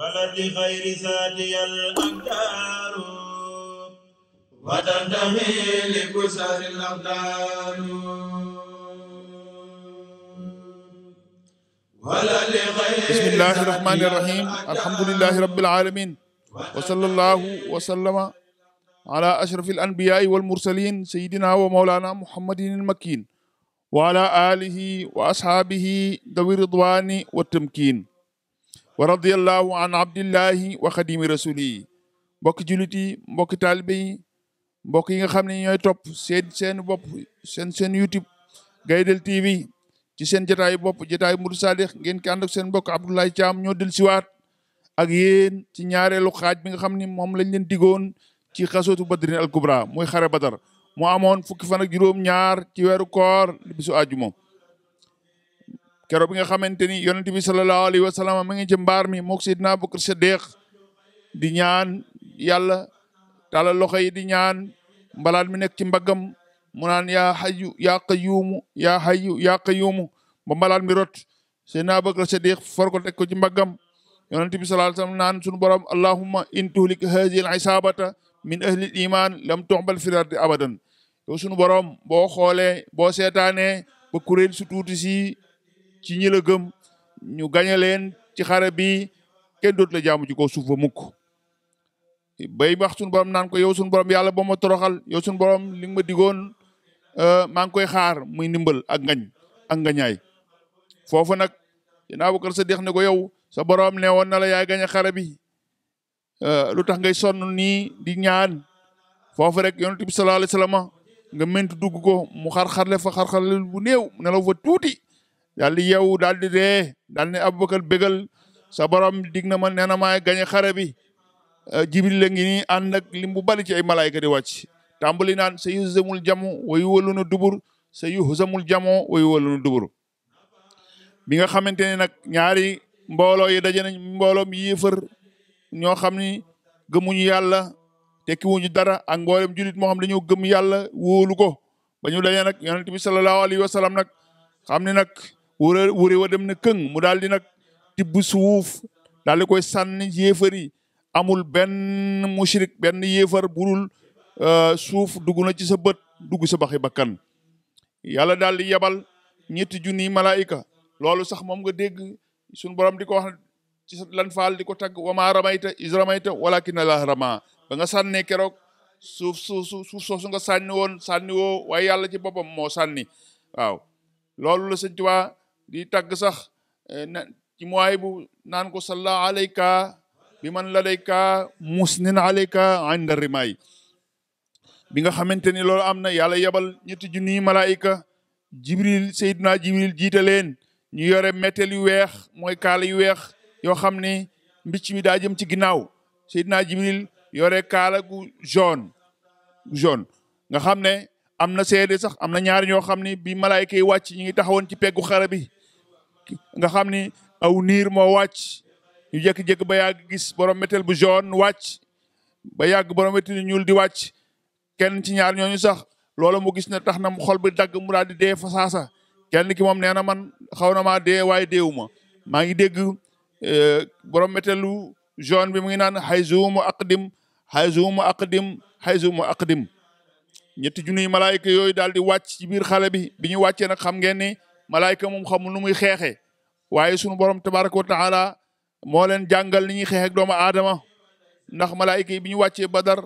ولد خير ساتي الأقدار وتنتمي لكسر الأقدار بسم الله الرحمن الرحيم الحمد لله رب العالمين وصلى الله وسلم على أشرف الأنبياء والمرسلين سيدنا ومولانا محمد المكين وعلى آله وأصحابه ذوي الرضوان والتمكين wa radiyallahu an abdillahi wa xadimi rasuli yi mbokki jullit yi mbokki taalibe yi mbokk yi nga xam ne ñooy topp seen seen bopp seen seen youtube Gaydel TV ci seen jotaayu bopp jotaayu Murid Sadikh ngeen ki ànd ak seen mbokk Abdoulaye Thiam ñoo del siwaat ak yéen ci ñaareelu xaaj bi nga xam ne moom lañ leen digoon ci xasootu badrin al kubra muy xare badar mu amoon fukki fan ak juróom ñaar ci weeru koor bisu àjjuma keroog bi nga xamante ni yonent bi sallallahu alayhi wa sallam mi ngi ci mbaar mi mook di ñaan yàlla tala loxo yi di ñaan mbalaat mi nekk ci mbaggam mu naan ya hayyu yaa qayyuumu yaa hayyu yaa qayyuumu ba mbalaat mi rot sidna Abubakar Siddiq for ko ci mbaggam yonent bi sallallahu alayhi wa borom allahumma in tuhlik haadihi al isaabata min ahli al iman lam tuxbal fil ardi abadan yow sunu borom boo xoolee boo seetaanee ba kuréel su si ci ñi la gëm ñu gañe leen ci xare bi kenn dootu la jaamu ci kaw suuf ba mukk bay wax suñu borom naan ko yow suñu borom yàlla boo ma toroxal yow suñu borom li ma digoon euh, maa ngi koy xaar muy ndimbal ak ngañ ak ngañaay foofu nag dina Abubakar Sadiq ne ko yow sa borom ne woon na la yaay xare bi euh, lu tax ngay sonn ni di ñaan foofu rek yonent bi sallallahu alayhi wasallam nga ment dugg ko mu xar fa xar-xarle bu néew ne la fa tuuti daal di yeewu daal di dee daal ne Abubakar bégal sa borom dig na ma nee na maay gañe xare bi euh, jibril la ngi nii ànd ak lim bu bari ci ay malaayka di wàcc tàmbali naan sa yuhzamul jamu wa yuwalluna dubur sa yuhzamul jamu wa yuwalluna dubur bi nga xamante ne nag ñaari mbooloo yi daje nañ mbooloom yéefar ñoo xam ni gëmuñu yàlla tekkiwuñu dara ak mboolem julit moo xam dañoo gëm yàlla wóolu ko alayhi wa sallam xam ni nag wure wure wa dem na këng mu daal di nag tibb suuf daal di koy sànni yéefar amul benn mushrik benn yéefar burul euh, suuf dugg na ci sa bët dugg sa baxi bakkan yàlla daal di yebal ñetti junniy malaayika loolu sax moom nga dégg suñu borom di ko wax ci lan faal di ko tagg wama ramayta is ramayta walakin allah rama ba nga sànnee keroog suuf suuf suuf soosu nga sànni woon sànni woo waaye yàlla ci boppam moo sànni waaw la sëñ Tuubaa di tagg sax eh, na bu naan ko salla alayka bi man ladayka musnin alayka inda rimaay bi nga xamante ni loolu am na yàlla yebal ñetti junniy malaayika jibril seydina jibril jiite leen ñu yore méttel yu weex mooy kaala yu weex yoo xam ne mbicc mi daa jëm ci ginnaaw seydina jibril yore kala gu jaune jaune nga xam ne am na seede sax am na ñaar ñoo xam ni bi malaayka yi wàcc ñu ngi taxawoon ci peegu xare bi nga xam ni aw niir moo wàcc ñu jékki-jékki ba yàgg gis borom métal bu jaune wàcc ba yàgg borom métal bu di wàcc kenn ci ñaar ñooñu sax loolu mu gis ne tax na xol bi dagg mu daal dee fa saasa kenn ki moom nee na man xaw na maa dee waaye deewuma maa ngi dégg e, borom métalu jaune bi mu ngi naan xay zuumu aqdim xay zuumu aqdim xay zuumu aqdim ñetti junniy malaayka yooyu daal di wàcc ci biir xale bi bi ñu wàccee nag xam ngeen ni malaayka moom xamul nu muy xeexee waaye sunu borom tabaraka wa taala moo leen jàngal ni ñuy xeex ak aadama ndax malaayka yi bi ñu wàccee badar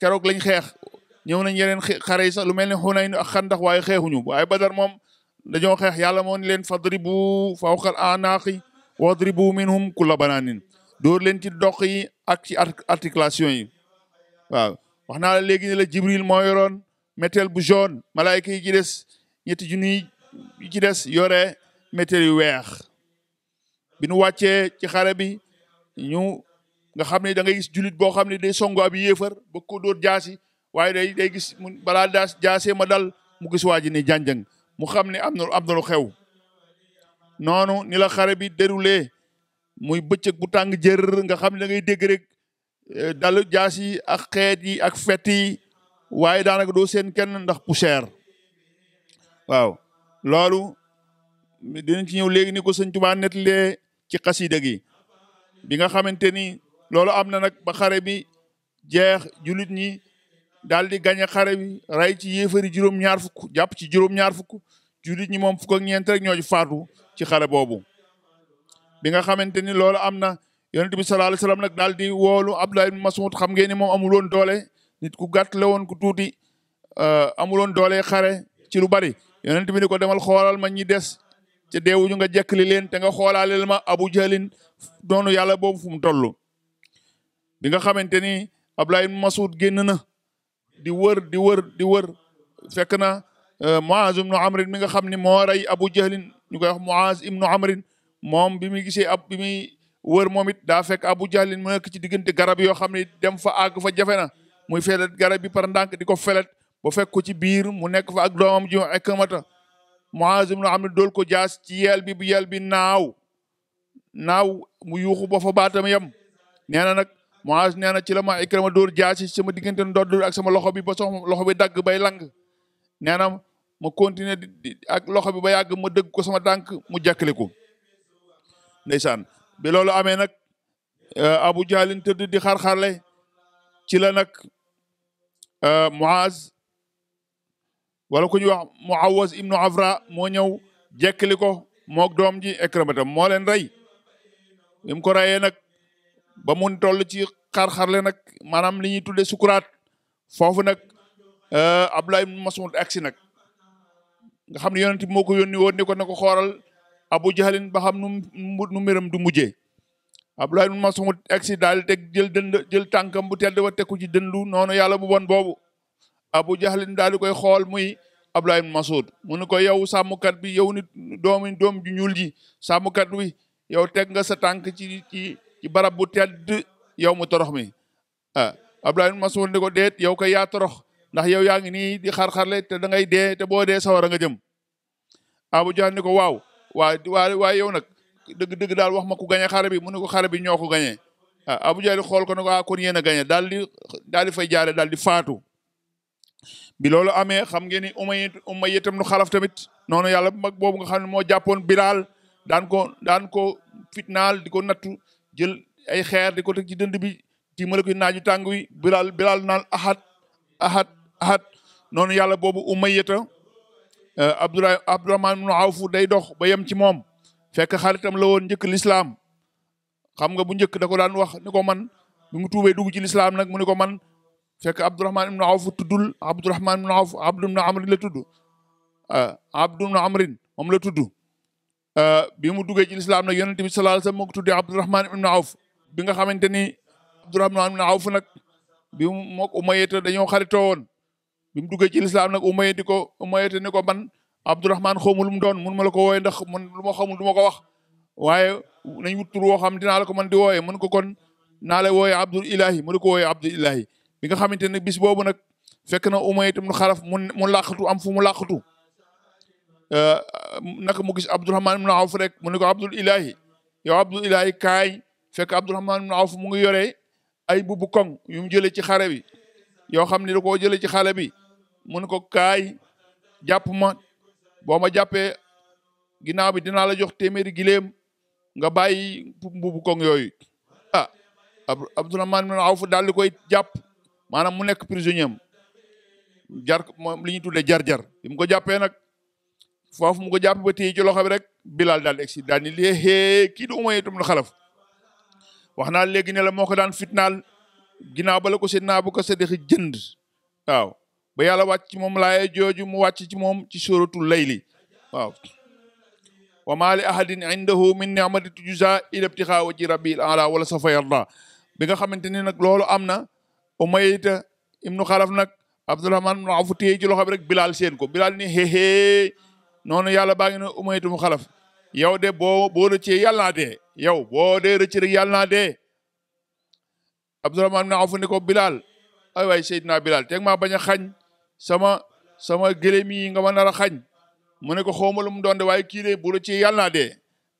keroog lañ xeex ñëw nañ yeneen xare yi sax lu mel ne xunayn ak xandax waaye xeexuñu waaye badar moom dañoo xeex yàlla moo ni leen fadribu fawqal anaaqi wadribu minhum kulla banaanin dóor leen ci dox yi ak ci articulation yi waaw wax naa la léegi ne la jibril moo yoroon méteel bu jaune malaayka yi ci des ñetti junni yi ci des yore méteel yu weex bi nu wàccee ci xare bi ñu nga xam ne dangay gis jullit boo xam ne day songo ab yéefar ba ko dóor jaasi waaye day day gis balaa daas jaasee ma dal mu gis waa ji ne jànjang mu xam ne am na am na xew noonu ni la xare bi déroulé muy bëccëg bu tàng jër nga xam ne da ngay rek eh, dalu jaas yi ak xeet yi ak fet yi waaye daanaka doo seen kenn ndax poussière waaw loolu dinañ ci ñëw léegi ni ko sëñ net nettalee ci xasida gi bi nga xamante ni loolu am na nag ba xare bi jeex julit ñi daal di gañe xare bi rey ci yéefari juróom-ñaar fukk jàpp ci juróom-ñaar fukk jullit ñi moom fukk ak ñeent rek ñoo ci faatu ci xare boobu bi nga xamante ni loolu am na yonent bi sallallahu alayhi wasallam nag daal di woolu Abdullah ibn Mas'ud xam ngeen ne moom amul woon doole nit ku gàtt la woon ku tuuti euh, amuloon doole xare ci lu bari yonent bi ni ko demal xoolal ma ñi des te deewuñu nga jekkali leen te nga xoolaaleel ma abu jalin doonu yàlla boobu fu mu toll bi nga xamante ni Abdullah ibn Mas'ud génn na di wër di wër di wër fekk na euh, Muaz ibnu Amrin mi nga xam ne moo abu jahlin ñu koy wax Muaz ibnu Amrin moom bi muy gisee ab muy wër moom it daa fekk abu jahlin mu nekk ci diggante garab yoo xam ne dem fa àgg fa jafe na muy felet garab bi par ndànk di ko felet ba fekk ko ci biir mu nekk fa ak doomam ji dool ko jaas ci yel bi bu yel bi naaw naaw mu yuuxu ba fa baatam yem nee na nag Muaz na ci la ma Ikrima dóor jaas sama diggante ndodd ak sama loxo bi ba sama loxo bi dagg bay lang nee ma continuer di ak loxo bi ba yàgg ma dëgg ko sama tànk mu jàkkale ko ndeysaan bi loolu amee nag eh, Abu Jahlin tëdd di xar-xarle ci la nag Euh, Muaz wala ku ñuy wax Muawaz ibnu Afra moo ñëw jekkali ko moog doom ji Ikrimata moo leen rey bi mu ko reyee nag ba mun toll ci xar-xarle nag maanaam li ñuy tudde sukuraat foofu nag euh, Abdullah ibnu Mas'ud agsi nag nga xam ne yonent bi moo ko yónni woon ni ko na ko xooral Abu Jahlin ba xam nu nu mbiram du mujjee Abdoulaye ibn Mas'ud egsi daal teg jël dënd jël tànkam bu tedd ba tekku ci dëndu noonu yàlla bu bon boobu Abu Jahlin daal di koy xool muy Abdoulaye ibn Mas'ud mu ne ko yow sàmmkat bi yow nit doomi doom ju ñuul ji sàmmkat bi yow teg nga sa tànk ci ci barab bu tedd yow mu torox mi ah Abdoulaye ibn Mas'ud ko déet yow ko yaa torox ndax yow yaa ngi nii di xar te da ngay dee te boo dee sawara nga jëm Abu Jahl ne ko waaw waa waa waaye nag dëgg-dëgg daal wax ma ku gañe xare bi mu ne ko xare bi ñoo ko gañee ah Abu xool ko ne ko ah kon yéen a gañe dal di fay jaare daal di faatu bi loolu amee xam ngeen ni umay umay itam nu xalaf tamit noonu yàlla mag boobu nga xam ne moo jàppoon bilaal daan ko daan ko fitnaal di ko nattu ay xeer di ko teg ci dënd bi ci mala koy naaju tàng wi bilaal bilaal naan ahad ahad yàlla boobu umayata eh, awfu day dox ba yem ci moom fekk xaritam la woon njëkk lislaam xam nga bu njëkk da ko daan wax ni ko man bi mu tuubee dugg ci lislaam nag mu ni ko man fekk abdourahman ibnu awf tuddul abdourahman ibnu awf abdu ibnu amrin la tudd ah, abdu ibnu amrin moom la tudd ah, bi mu duggee ci lislaam nag yonente bi sallallahu alayhi wasallam moo ko tuddee bi nga xamante ni abdourahman ibnu awf nag bi mu mook umayete dañoo xaritoo woon bi mu duggee ci lislaam nag umayete ko umayete ni ko man Abdourahman xawma lu mu doon mun ma la ko wooye ndax man lu ma xamul du ma ko wax waaye nañ wut tur woo xam dinaa la ko man di wooye mun ko kon naa la wooye Abdul Ilahi mu la ko wooye Abdul Ilahi bi nga xamante ne bis boobu nag fekk na Umayya ibn Xalaf mu mu làqatu am fu mu làqatu euh, mu gis Abdourahman ibn Awf rek mu ne ko Abdul Ilahi yow Abdul Ilahi kaay fekk Abdourahman ibn Awf mu ngi yore ay bubu koŋ yu mu jëlee ci xare bi yoo xam ne da koo jëlee ci xale bi mu ne ko kaay jàpp ma boo ma jàppee ginnaaw bi dinaa la jox téeméeri gileem nga bàyyi mbubu koŋ yooyu. ah Abdourahman bin Awf daal di koy jàpp maanaam mu nekk prisonnier am jar moom li ñuy tuddee jar-jar bi mu ko jàppee nag foofu mu ko jàpp ba téye ci rek Bilal daal di egsi daal ni lii hee kii du Umayya ibn Xalaf wax naa léegi ne la moo ko daan fitnaal ginnaaw bala la ko Seydina Abu Bakar Siddiq jënd waaw. ba yàlla wàcc ci moom laaya jooju mu wàcc ci moom ci suratul layli waaw wa maa li ahadin indahu min ni'matin tujzaa illa ibtixaa wajhi rabbil a'laa wala sawfa bi nga xamante ni nag loolu am na Umayya ibnu Xalaf nag Abdurahmaan ibnu Awf téye ci loxo bi Bilaal seen ko Bilaal ni xéxé noonu yàlla baa ngi ne Umayya ibnu Xalaf yow de boo boo rëccee yàlla naa dee boo de rëcc rek yàlla naa dee Abdurahmaan ibnu Awf ni ko Bilaal ay waay Seydina Bilaal teg maa bañ a xañ sama sama gëléem yi nga ma nar a xañ mu ne ko xawma lu mu doon de waaye kii de ci yàlla de dee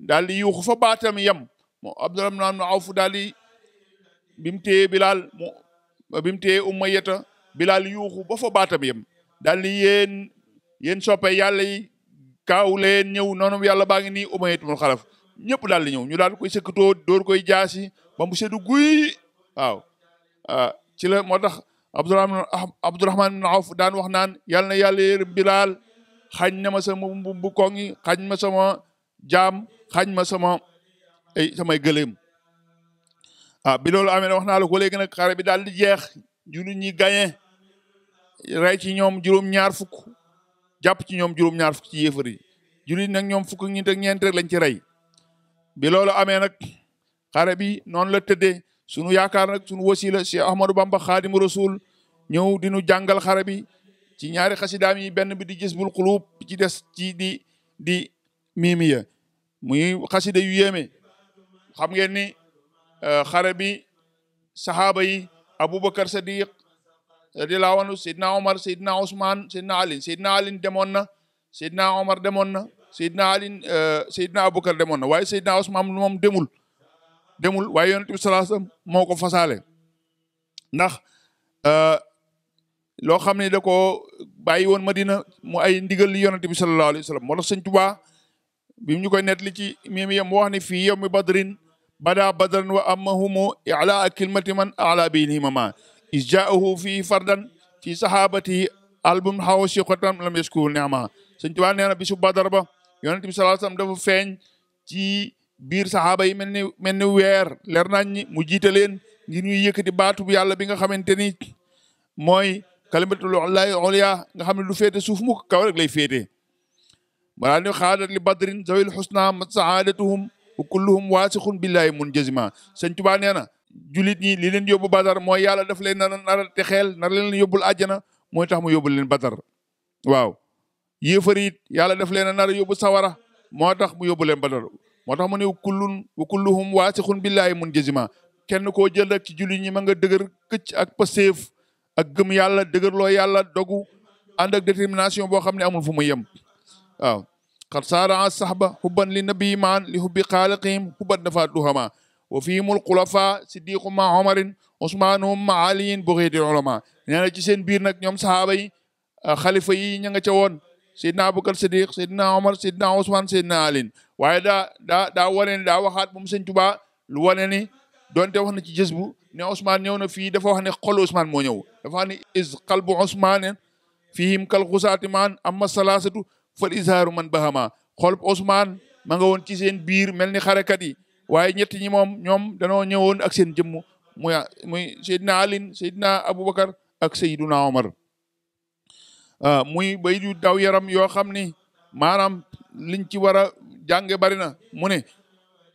daal di yuuxu fa baatam yem mu Abdurahmaan na Awf daal di bi mu téye Bilaal mu bi mu téye Umayyata Bilaal yuuxu ba fa baatam yem daal di yéen yéen soppe yàlla yi kaaw leen ñëw noonu yàlla baa ngi nii Umayyatu mu xalaf ñëpp daal di ñëw ñu daal koy sëkkatoo dóor koy jaasi ba mu seddu guy waaw ah, ci la moo tax Abdourahman Abdourahman bin daan wax naan yàlla na yàlla yërëm Bilaal xañ na ma sama bu koŋ yi xañ ma sama jaam xañ ma sama ay samay gëléem ah bi loolu amee wax naa la ko léegi nag xare bi daal di jeex jullit ñi gañe rey ci ñoom juróom-ñaar fukk jàpp ci ñoom juróom-ñaar fukk ci yéefar yi jullit nag ñoom fukk ñi teg lañ ci rey bi loolu xare bi noonu la tëddee sunu yaakaar nag sunu wasila Cheikh Ahmadou Bamba xaadimu rasul ñëw di nu jàngal xare bi ci ñaari xasidaam yi benn bi di jisbul xuluub ci des ci di di muy xasida yu yéeme xam ngeen ni euh, xare bi saxaaba yi aboubacar sadiq radiallahu anhu seydna omar seydna ousmane seydna ali seydna ali demoon na seydna omar demoon na seydna ali euh, seydna aboubacar demoon na waaye seydna ousmane moom demul demul waaye yonent bi salaasam moo ko fasaale ndax euh, loo xam ne da ko bàyyi woon Madina mu ay ndigal li yonent bi sallallahu moo tax sëñ bi ñu koy nettali ci mimi yam wax ne fii yawmi badrin bada badran wa amahumu ilaa kilmati man ala binhimama isjaahu fii fardan fi sahabatihi album xaw siqatan lam yaskur ni'ma sëñ Tuubaa nee na bisu badar ba yonent bi sallallahu alayhi feeñ ci biir saxaaba yi mel ni mel ni weer leer nañ ñi mu jiite leen ngir yëkkati baatu bu yàlla bi nga xamante ni mooy kalimatul ulaahi ulya nga xam ne du féete suuf mu kaw rek lay féete maanaam ni xaadat li badrin zawil xusna mat saadatuhum wa kulluhum waasixun billahi munjazima sëñ Tuubaa nee na julit ñi li leen yóbbu badar mooy yàlla def leen nar nar te xeel nar leen yóbbul àjjana mooy tax mu yóbbul leen badar waaw yàlla daf leen nar a yóbbu sawara moo tax mu yóbbu leen badar moo mu ne wa kulluhum waasixun billaahi mun jazima kenn koo jël rek ci julli ñi ma nga dëgër këcc ak paseef ak gëm yàlla loo yàlla dogu ànd ak détermination boo xam ne amul fu mu yem waaw xat saara saxba xubban li nabii maan li xubbi xaaliqihim xubban dafa duhama wa fiimul xulafa siddiqu ma omarin usmaanum ma aliyin buxeeti ulama nee na ci seen biir nag ñoom sahaaba yi xalifa yi ña seydina abubakar siddiq seydina omar seydina ousmane seydina alin waaye daa daa daa wane ni daa waxaat moom sëñ tubaa lu wane ni donte wax na ci jës bu ne ousmane ñëw na fii dafa wax ne xolu ousmane moo ñëw dafa wax ne is qalbu ousmane fihim kal xusaati maan amma salaasatu fal izhaaru man bahama xolub ousmane ma nga woon ci seen biir mel ni xarekat yi waaye ñett ñi moom ñoom danoo ñëwoon ak seen jëmm muy muy seydina alin seydina abubakar ak seydina omar Ah, muy bay ju daw yaram yoo xam ni maanaam liñ ci war a jànge bari na mu ne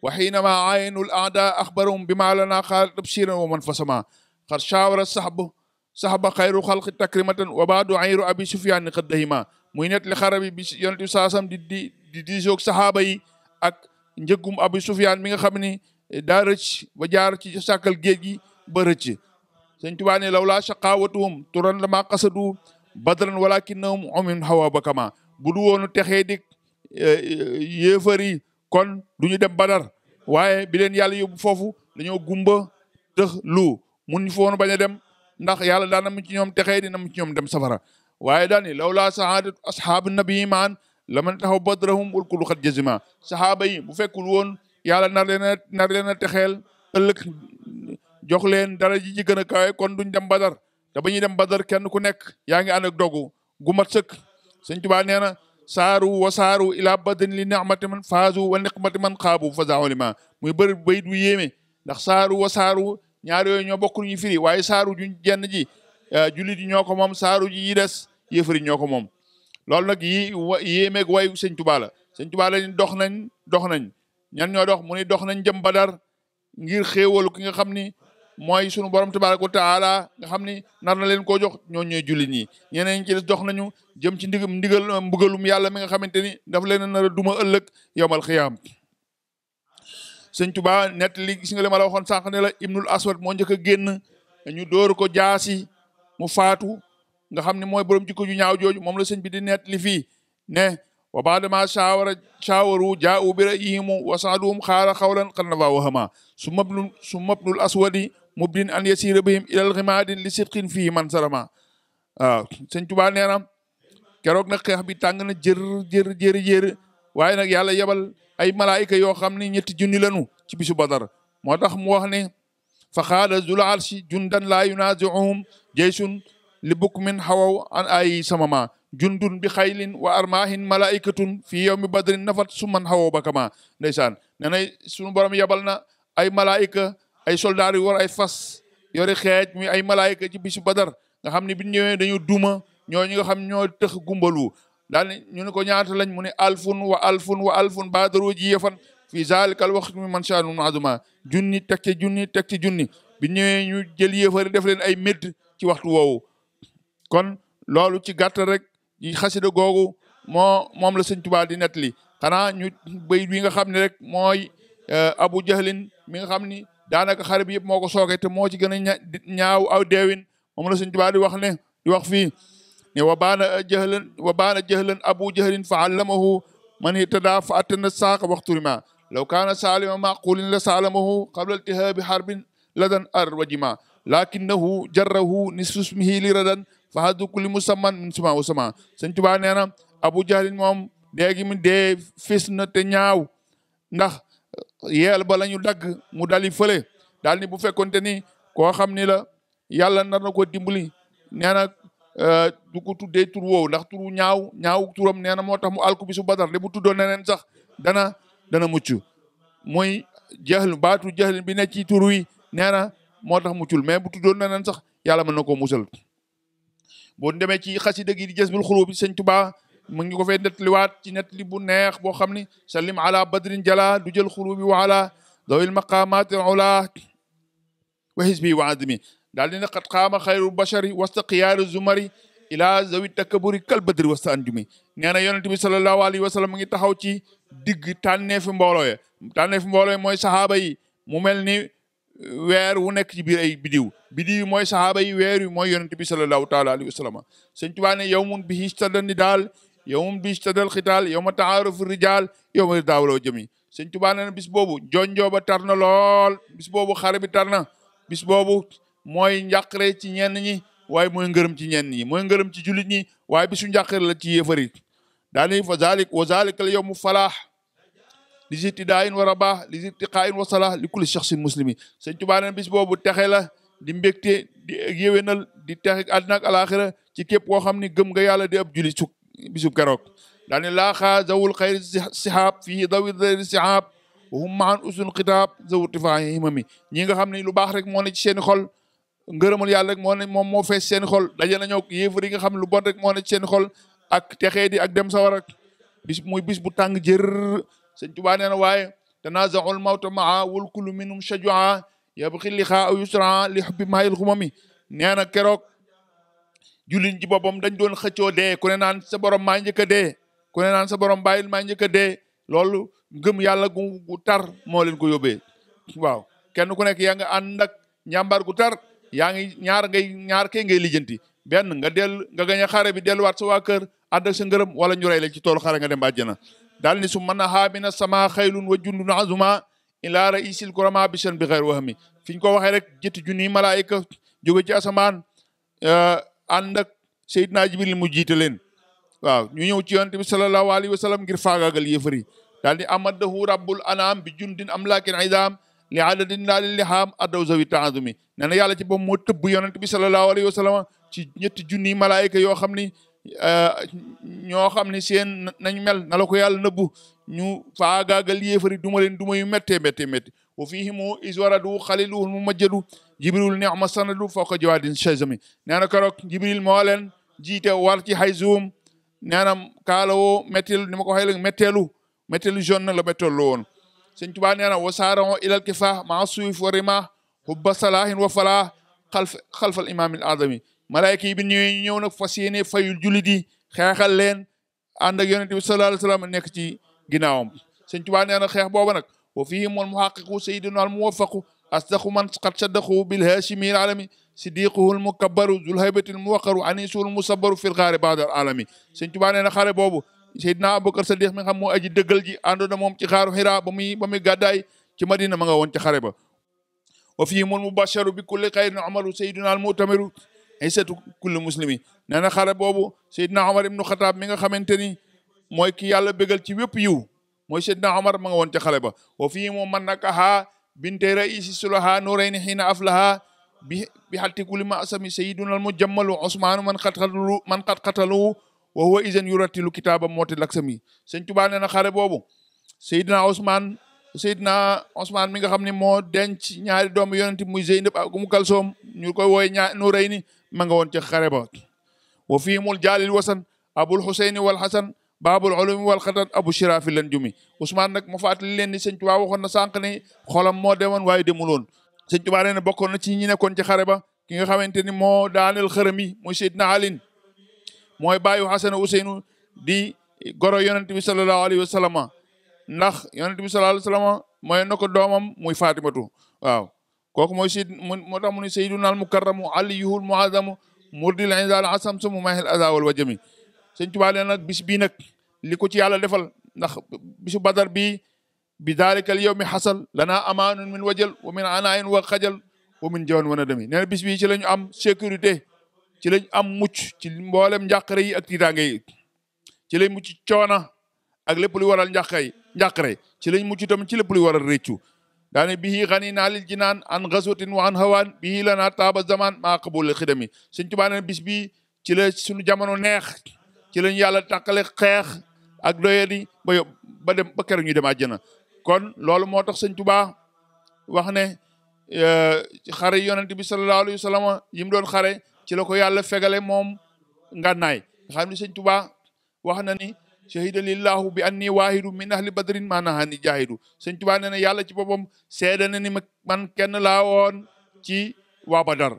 wa xiinama aynu l aada axbarahum bi maa lanaa xaala tabshiran wa man fasama xar shaawara saxbu saxba xayru xalqi takrimatan wa baadu ayru abi sufiyaani qad dahima muy net li xara bi bi yonent bi saasam di di di diisoog saxaaba yi ak njëggum abi sufiyaan mi nga xam ni daa rëcc jaar ci sàkkal géej gi ba rëcc sëñ Tuubaa ne law laa badran walakinnahum umyun hawa bakama bu du woonu texee dik eh, eh, yéefar kon du dem badar waaye bi leen yàlla yóbbu foofu dañoo gumba tëx lu mun ñu fa dem ndax yàlla daan na mu ci ñoom texee na mu ci ñoom dem safara waaye daani lawla sahaadatu ashaabu nabii maan la man taxaw badrahum wal kullu xat jazima sahaaba bu fekkul woon yàlla nar leen a nar leen a texeel ëllëg jox leen dara ji ci gën a kawe kon duñ dem badar te ba ñuy dem badar kenn ku nekk yaa ngi ànd ak dogu gu mat sëkk sëñ Tuubaa nee na saaru wa saaru ilaa badrin li ni'mati man faazu wa niqmati man xaabu fazaolima muy bëri bayit bu yéeme ndax saaru wa saaru ñaar yooyu ñoo bokk ñu firi waaye saaru ju jenn ji e, jullit yi ñoo ko moom saaru ji yi des yéefari ko moom loolu nag yi yéemeeg wayu sëñ Tuubaa la sëñ Tuubaa dox nañ dox nañ ñan ñoo dox mu ni dox nañ jëm badar ngir xéewal ki nga xam ni mooy sunu borom tabaaraka wa taala nga xam ni nar na leen koo jox ñooñu ñooy juli ñi ñeneen ci des dox nañu jëm ci ndigam ndigal mbugalum yàlla mi nga xamante ni daf leen nar a duma ëllëg yowmal xiyaam sëñ Tuba net li gis nga li ma la waxoon sànq ne la ibnul aswad moo njëkk a génn ñu dóor ko jaasi mu faatu nga xam ne mooy borom jikko ju ñaaw jooju moom la sëñ bi di net li fii ne wa baadama shawara shawaru jaa u bira ihimu wa saaduhum xaara xawlan xan na faa waxama su mabnul su mabnul mubdin an yasira bihim ilal ximaadin li sidqin fii man sarama waaw sëñ Tuubaa nee na keroog nag xeex bi tàng na jër jër jër jër waaye nag yàlla yebal ay malaayika yoo xam ne ñetti junni lanu ci bisu badar moo tax mu wax ne fa xaada zul arshi jundan laa yunaziuhum jaysun li bukmin xawaw an ay samama jundun bi xaylin wa armahin malaikatun fi yawmi badrin nafat suman xawaw bakama ndeysaan nee na sunu borom yebal na ay malaayika ay soldats yu war ay fas yore xeej muy ay malaayika ci bisu badar nga xam ne bi ñëwee dañu duma ñoo ñi nga xam ñoo tëx gumbalu daal ñu ne ko ñaata lañ mu ne alfun wa alfun wa alfun baadaru ji yefan fii zaalikal wax mi man shaanu maaduma junni teg ci junni teg ci junni bi ñëwee ñu jël yéefari def leen ay médd ci waxtu woowu kon loolu ci gàttal rek yi xasida googu moo moom la sëñ Tuubaa di nettali xanaa ñu béy nga xam ne rek mooy euh, abu jahlin mi nga xam ni daanaka xare bi yëpp moo ko sookee te moo ci gën a ñaaw aw deewin moom na Sëñ Tuubaa di wax ne di wax fii ne wa baana jahlan wa baana jahlan abu jahlin fa allamahu man ittadaa fa attana saaqa waxturima law kaana saalima maqulin la saalamahu qabla iltihaabi harbin ladan arwajima lakinahu jarrahu nisfu ismihi li radan fa haddu kulli musamman min suma usama Sëñ Tuubaa nee na abu jahlin moom déegi mu dee fis na te ñaaw ndax yeel ba la ñu dagg mu dali fële daal ni bu fekkoon te ni koo xam ni la yàlla nar na ko dimbali nee na euh, du ko tuddee tur woowu ndax turu ñaaw ñaaw turam nee na moo tax mu alku su badar de bu tuddoon neneen sax dana dana mucc mooy jahl baatu jahl bi ne ci tur wi nee moo tax muccul mais bu tuddoon neneen sax yàlla mën na ko musal boo demee ci xasida gi di Jazbul Xuluub bi ma ngi ko fee nettaliwaat ci nettali bu neex boo xam ni sallim ala badrin jala du jël xurubi wa ala dawil maqamat ula wa hisbi wa admi daal dina qad qaama xayru bashari wasta xiyaari zumari ila zawi takaburi kal badri wasta anjumi nee na yonente bi salallahu alayhi wa sallam mu ngi taxaw ci digg tànneefi mbooloo ya tànneefi mbooloo ya mooy saxaaba yi mu mel ni uh, weer wu nekk ci biir ay bidiw bidiw yi mooy saxaaba yi weer yi mooy yonente bi salallahu taala a biis bistatal xitaal yow ma taxaarafu rijaal yow ma daawloo jëm yi sëñ tubaa nee na bis boobu jonjoo ba tar na lool bis boobu xare bi tar na bis boobu mooy njàqare ci ñenn ñi waaye mooy ngërëm ci ñenn ñi mooy ngërëm ci jullit ñi waaye bisu njàqare la ci yéefari daani fa zalik wa zalika al yowmu falaax li sitidaayin wa rabaax li sitiqaayin wa salaax li kulli shaxsin muslimi sëñ tubaa nee na bis boobu texe la di mbégte di yéwénal di texe àddina ak alaaxira ci képp koo xam ne gëm nga yàlla di ab bisub keroog daa ne laaxaa zawul xayri sihaab fii dawi xayri sihaab wahum maan usun xitaab zawu tifaayi imami ñi nga xam ne lu baax rek moo ne ci seeni xol ngërëmal yàlla rek moo ne moom moo fees seen xol daje nañoo ak yéefar yi nga xam ne lu bon rek moo ne ci seeni xol ak texee ak dem sawar ak bis muy bis bu tàng jër sëñ Tuubaa nee na waaye tanazaul mawta maa wal kullu minhum shajua yabxi liqaa aw yusra li xubbi maayil xumami nee na julliñ ci boppam dañ doon xëccoo dee ku ne naan sa borom maa njëkk a dee naan sa borom bàyyil maa njëkk a loolu ngëm yàlla gu gu tar moo leen ko yóbbee waaw kenn ku nekk yaa nga ànd ak njàmbaar gu tar yaa ngi ñaar ngay ñaar kay ngay lijjanti benn nga dellu nga gañ a xare bi delluwaat sa waa kër ànd ak sa ngërëm wala ñu rey ci toolu xare nga dem bàjjana daal ni su mën a xaamina sama xaylun wa jundun azuma ilaa raisil kurama bisan bi xeer wahmi fi ñu ko waxee rek jëtti junniy malaayika jóge ci asamaan euh, ànd ak Seydina Jibril mu jiite leen waaw ñu ñëw ci yonent bi sallallahu alayhi wa sallam ngir faagaagal yéefar yi daal di amadahu rabbul anaam bi jundin amlaakin idaam li adadin laa li lihaam addaw zawi taazumi nee na yàlla ci boppam moo tëbb yonent bi sallallahu alayhi wa sallam ci ñetti junniy malaayika yoo xam ni eh, ñoo xam ni seen nañ mel na ko yàlla nëbbu ñu faagaagal yéefar yi duma leen duma yu méttee méttee méttee wa fihimu is waradu xaliluhul mumajjadu jibril ni'ma sanadu fawqa jawadin shazami nee na keroog jibril moo leen jiite war ci xay zoom nee na kaalawoo métteelu ni ma ko la métteelu woon sëñ tubaa nee na wasaarao ilal kifa maa suuf wa rima hubba salaahin wa falaa xalf xalfal imaamil adami malayka yi bi ñëwee ñëw nag fas yéene fayul jullit yi xeexal leen ànd ak yonente bi sallallahu alayhi nekk ci ginnaawam sëñ tubaa nee na xeex booba nag وفيهم المحقق سيدنا الموفق أصدق من قد صدقه بالهاشمي العالمي صديقه المكبر ذو الهيبة الموقر عنيسه المصبر في الغار بعد Sadiq mi aji dëggal ji àndoon na moom ci xaaru Hira ba muy ba muy gàddaay ci Madina ma nga woon ci xare ba wa fii mul mubasharu bi kulli xayrin amaru Seydina almutamiru isatu kulli muslimi nee na xare boobu Seydina Omar ibnu Xataab mi nga xamante ni mooy ki yàlla bégal ci wépp yiw mooy Seydina Omar ma nga woon ca xale ba wa fii moom man nakaha binte raisi sulaha nurayni xiina aflaha bi bi xatti kulli ma asami sayidunal mu jammalu Ousmaanu man xatxatalu man xatxatalu wa huwa izan yuratilu kitaaba mooti laksami sëñ Tuubaa nee na xare boobu Seydina Ousmane Seydina Ousmane mi nga xam ne moo denc ñaari doomu yonent mu Zeynab ak Kalsoom ñu koy wooye ñaa nurayni ma nga woon ca xare ba wa fii mul jaalil wasan abul xuseyni wal xasan baabul ulumi wal xadat abu shirafi leen jumi Ousmane nag ma fàttali leen ni sëñ Tuubaa waxoon na sànq ne xolam moo demoon waaye demuloon sëñ Tuubaa nee na bokkoon na ci nekkoon ci xare ba ki nga xamante ni moo daaneel xërëm yi muy Seydina Alin mooy bàyyu Xasana Useynu di goro yonent bi sallallahu alayhi wa sallama ndax yonent bi sallallahu alayhi wa sallama mooy na ko doomam muy Fatimatu waaw kooku mooy Seyd moo tax mu ne Seydunal mukarramu aliyuhul muazamu murdil inzal asam sumu mahil azawal wajami sëñ Tuubaa nee nag bis bii nag li ko ci yàlla defal ndax bisu badar bii bi daalika al yawmi xasal lanaa amaanun min wajal wa min anaayin wa xajal wa min jawan wan a demi nee na bis bii ci lañu am sécurité ci lañ am mucc ci mboolem njàqare yi ak tiitaange yi ci lañ mucc coona ak lépp lu waral njàqare njàqare ci lañ mucc tamit ci lépp lu waral réccu daane bihi xani naa lil jinaan an xaswatin wa an hawaan bihi lanaa taaba zaman maa qabul xidami sëñ Tuubaa nee bis bii ci la suñu jamono neex ci lañu yàlla tàqale xeex ak doyadi ba yób ba dem ba keroog ñu dem kon loolu moo tax sëñ Tuubaa wax ne euh, xare yonent bi sallallahu alayhi wa sallam yi mu doon xare ci la ko yàlla fegale moom ngànnaay xam ni sëñ Tuubaa wax na ni shahida lillahu bi anni waahidu min ahli badrin maa nahani jaahidu sëñ Tuubaa nee na yàlla ci boppam seede na ni man kenn laa woon ci waa Badar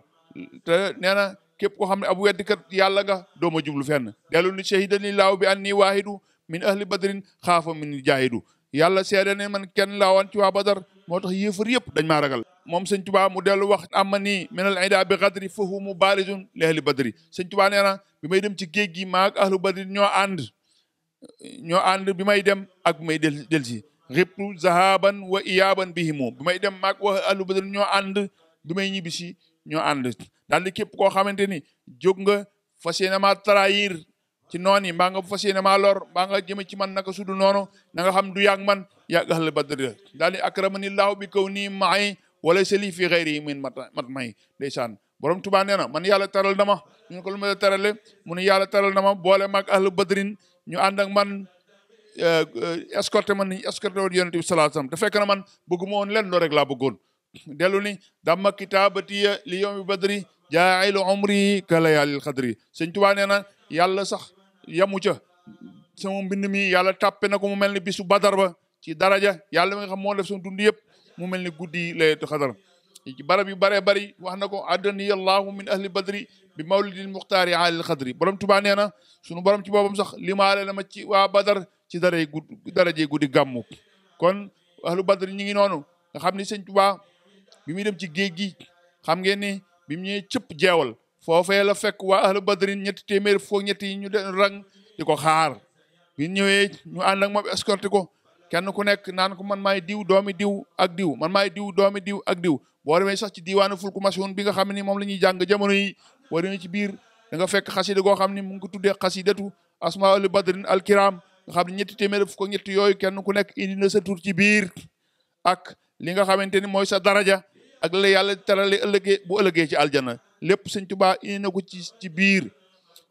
te nee képp koo xam ne abu ab weddikat yàlla nga dooma jublu fenn dellu ni shahidani laaw bi an nii waahidu min ahli badrin xaafa min jaahidu yàlla seede ne man kenn laawaan ci waa badar moo tax yéefar yëpp dañ maa ragal moom sëñ mu dellu wax amma ni minal ida bi xadri fahu mu baarizun li ahli badri sëñ tubaa nee na bi may dem ci géej gi maa ak ahlu badri ñoo ànd ñoo ànd bi may dem ak bi may del del si ribtu zahaban wa iyaaban bihimu bi may dem maag wa ahlu badri ñoo ànd bi may ñibbisi ñoo ànd daal di képp koo xamante ni jóg nga fas yéene maa trahir ci noon yi mbaa nga fas yéene maa lor mbaa nga jëme ci man naka sudu noonu na nga xam du yàgg man yàgg ahlu badr daal di akramani laahu bi kaw nii maay wala seli fi xayri min mat mat may ndeysaan borom tubaa nee na man yàlla taral na ma ñu ma tarale mu ne yàlla taral na ma boole maag ahlu badrin ñu ànd man euh, escorté man ni escorté woon yonente bi sallallahu alayhi wasallam te man bëgguma woon leen loo rek laa bëggoon dellu ni damma kitaabatiya li badri jaailu umri ka layaalil xadri sëñ tubaa nee na yàlla sax yamu ca sama mbind mi yàlla tàppe na ko mu mel ni bisu badar ba ci daraja yàlla mi xam moo def sama dund yëpp mu mel ni guddi laylatul xadar ci barab yu baree bari wax na ko addani allahu min ahli badri bi mawlidil muxtaari alil xadri borom tubaa nee na sunu borom ci boobam sax limaale na ma ci waa badar ci darey gud darajey guddi gàmmu kon ahlu badri ñu ngi noonu nga xam ni sëñ tubaa bi muy dem ci géej gi bi mu ñëwee cëpp jeewal foofee la fekk waa ahlu badrin ñetti téeméer foog ñetti ñu de rang di ko xaar bi ñëwee ñu ànd ak moom escorté ko kenn ku nekk naan ko man maay diw doomi diw ak diw man maay diw doomi diw ak diw boo demee sax ci diiwaanu fulku masuun bi nga xam ni moom la ñuy jàng jamono yi boo demee ci biir da nga fekk xasida goo xam ne mu ngi ko tuddee xasidatu asmaul badrin alkiram nga xam ne ñetti téeméer fukk ak ñett yooyu kenn ku nekk indi na sa ci biir ak li nga xamante ni mooy sa daraja ak la yàlla terale ëllëgee bu ëllëgee ci aljana lépp sëñ Tuubaa indi na ko ci ci biir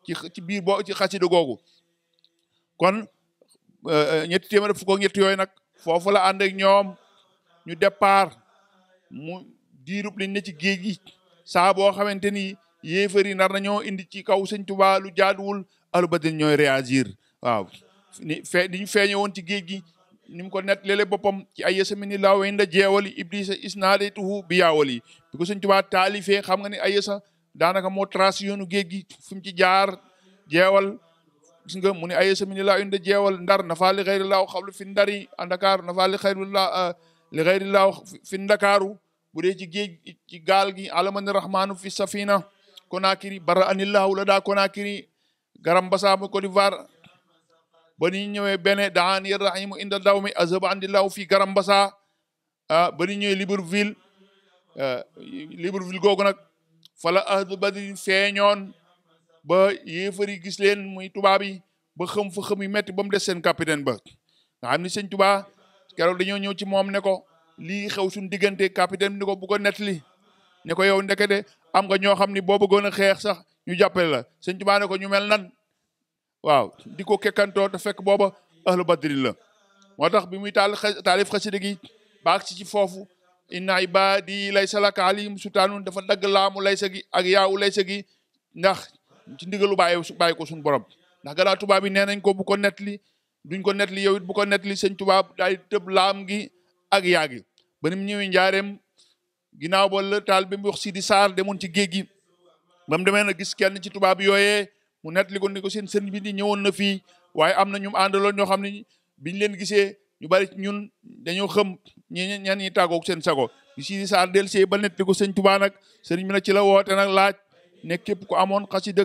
ci ci biir boo ci xasida googu kon euh, euh, ñetti téeméer fukk ak ñett yooyu nag foofu la ànd ñoom ñu départ mu diirub ne ci géej gi saa boo xamante ni yéefar yi nar na ñoo indi ci kaw sëñ Tuubaa lu jaaduwul alu badin ñooy réagir waaw ni ci géej gi ni mu ko net léeg boppam ci ay yesa mi ni laaw wayn da jeewali iblisa isnaadaytuhu bi yaawali bi ko Sëñ taalifee xam nga ni ay yesa daanaka moo trace yoonu géej gi fi mu ci jaar jeewal gis nga mu ne ay yesa mi ni laaw wayn da jeewal ndar nafaa li xayri laaw xablu fi nafaa li xayri ndakaaru bu dee ci géej ci gaal gi alamani rahmaanu fi safina konakiri bara anillahu la daa konakiri garam basaam Côte d'Ivoire ba ñu ñëwee bene daani rahimu inda dawmi azaba andillahu fii Garambassa ah ba ñu ñëwee Libreville ah, Libreville googu nag fala ahlu badrin feeñoon ba yéefari gis leen muy tubaab yi ba xëm fa xam yu metti ba mu des seen capitaine ba nga xam ni sëñ tubaa keroog dañoo ñëw ci moom ne ko lii xew suñu diggante capitaine bi ni ko bu ko nettali ne ko yow ndeke de am nga ñoo xam ni boo bëggoon a xeex sax ñu jàppale la sëñ Tuubaa ñu mel nan waaw di ko kekkantoo te fekk booba ahlu badrin la moo tax bi muy taal taalif xasida gi baag si ci foofu inna ibadi laysa laka alim sultaanun dafa dagg laamu laysa gi ak yaawu laysa gi ndax ci ndigalu bàyyi bàyyi ko suñu borom ndax gannaaw tubaab bi nee nañ ko bu ko netli duñ ko netli yow it bu ko netli sëñ tubaab daal di tëb laam gi ak yaa gi ba ni mu ñëwee njaareem ginnaaw ba la taal bi mu wax si di saar demoon ci géej gi ba mu demee na gis kenn ci tubaab yooyee mu nettali ko ni ko seen sëriñ bi di na fii waaye am na ñu mu àndaloon ñoo xam ne biñ leen gisee ñu bari ñun dañoo xam ñi ñan ñi tàggoog seen sago bi si saar del see ba nettali ko sëñ Tuubaa nag sëriñ bi nag ci la woote nag laaj ne képp ku amoon xasida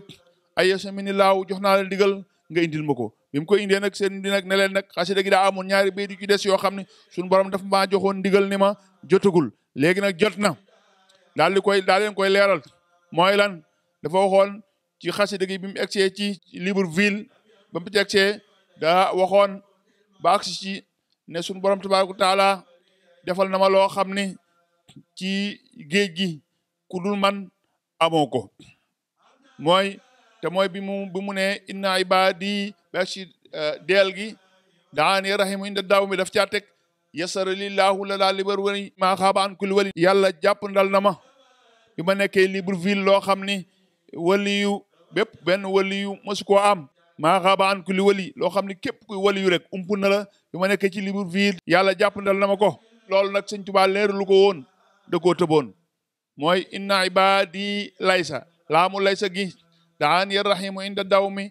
ay samini laaw jox naa la digal nga indil ma ko bi mu koy indee seen sëriñ bi nag ne leen nag xasida gi daa amoon ñaari béy di ci des yoo xam ne suñu borom dafa maa joxoon digal ni ma jotagul léegi nag jot na daal di koy leeral mooy ci xasida gi bi mu egsee ci Libreville ba mu ci egsee daa waxoon ba agsi ci ne suñu borom tabaaraka taala defal na ma loo xam ni ci géej gi ku dul man amoo ko mooy te mooy bi mu bi mu ne inna ibadi ba ci eh, deel gi daani rahimu inda daaw mi daf caa teg yasara lillahu la laa libar wani maa xaaba kul wali yàlla jàpp ndal na ma bi ma nekkee Libreville loo xam ni waliyu bépp benn waliyu mosu koo am maa xaaba an ku wali loo xam ne képp kuy waliyu rek umpu na la bi ma nekkee ci Libreville yàlla jàppandal na ma ko lool nag sëñ Tuubaa lu ko woon da koo tëboon mooy inna ibaadi laysa laamu laysa gi daan ya rahimu inda daw mi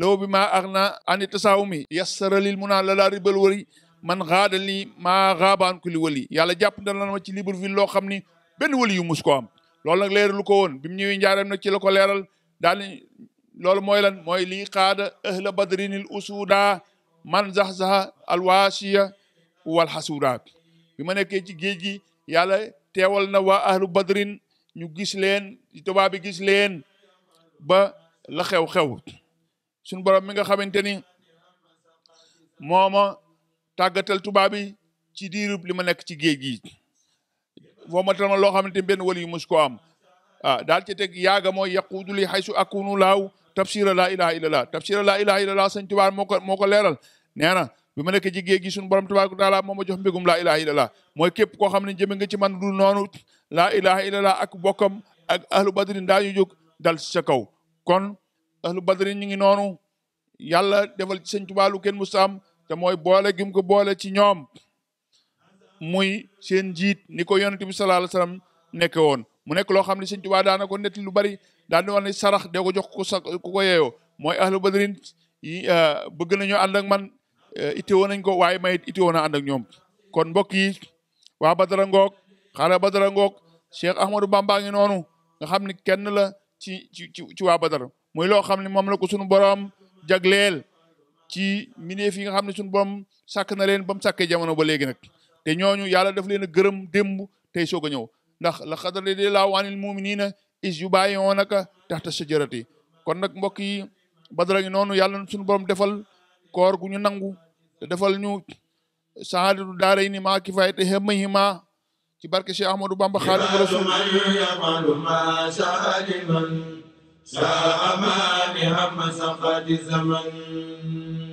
law bi maa na ani tasaaw mi yassara lil mu naa laa ribal wari man xaada li maa xaaba an ku li wali na ci loo xam ni benn wali yu mus koo am loolu nag leeru ko woon bi mu njaareem nag ci leeral daal loolu mooy lan mooy lii xaada ahla badrinil usuda man zaxzaxa alwaasiya wal xasuuda bi ma nekkee ci géej gi yàlla teewal na waa ahlu badrin ñu gis leen tubaab bi gis leen ba la xew-xew suñu borom mi nga xamante ni mooma tàggatal tubaab bi ci diirub li ma nekk ci géej gi foo ma loo xamante ni benn wali yu mos koo am ah daal ci teg yaaga mooy yaquudu li xaysu akunu laaw tafsira laa ilaha illallah tafsira laa ilaha illallah sëñ Tuubaa moo ko moo ko leeral nee na bi ma nekk ci géej gi suñu borom tabaaraka taala moo ma jox mbégum laa ilaha illallah mooy képp koo xam ne jeme nga ci man du noonu laa ilaha illallah ak bokkam ak ahlu badrin daal ñu jóg dal sa kaw kon ahlu badrin ñu ngi noonu yàlla defal ci sëñ Tuubaa lu kenn musta am te mooy boole gim ko boole ci ñoom muy seen njiit ni ko yonent bi sallallahu alayhi nekk woon mu nekk loo xam ne sëñ Tuubaa daana ko netti lu bari daan di wax ne sarax de ko jox ku sa ku ko yeeyoo mooy ahlu badrin yi euh, bëgg nañoo ànd ak man euh, itteewoo nañ ko waaye may itteewoo naa ànd ak ñoom kon mbokk yi waa Badara ngoog xaala Badara ngoog Cheikh Ahmadou Bamba ngi noonu nga xam ne kenn la ci ci ci waa Badara mooy loo xam ne moom la ko suñu borom jagleel ci mineef yi nga xam ne suñu borom sàkk na leen ba mu sàkkee jamono ba léegi nag te ñooñu yàlla daf leen a gërëm démb tey soog a ñëw ndax laqad radiyallahu anil muminina is yu bàyyi woonaka taxta shajarati kon nag mbokk yi badara ngi noonu yàlla na suñu borom defal koor gu ñu nangu te defal ñu saadatu daaray ni maa kifaayate hemmahi ma ci barke Cheikh Ahmadou Bamba Xaadimu Rasuul sa amani hamma saqati zaman